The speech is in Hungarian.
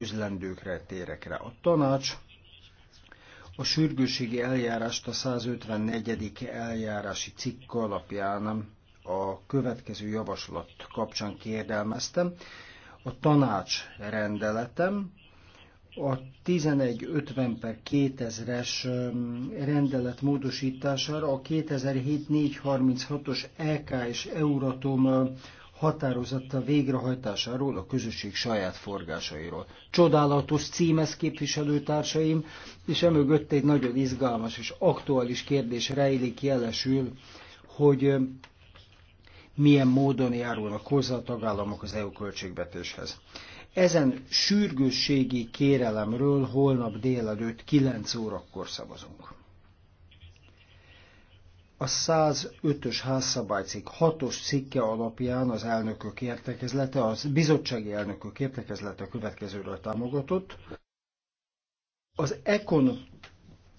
üzlendőkre, térekre. A tanács a sürgőségi eljárást a 154. eljárási cikk alapján a következő javaslat kapcsán kérdelmeztem. A tanács rendeletem a 1150 per 2000-es rendelet módosítására a 2007-436-os EK és Euratom határozatta végrehajtásáról, a közösség saját forgásairól. Csodálatos címez képviselőtársaim, és emögött egy nagyon izgalmas és aktuális kérdés rejlik jelesül, hogy milyen módon járulnak hozzá a tagállamok az EU költségvetéshez. Ezen sürgősségi kérelemről holnap délelőtt 9 órakor szavazunk a 105-ös házszabálycikk 6-os cikke alapján az elnökök értekezlete, az bizottsági elnökök értekezlete a következőről támogatott. Az ECON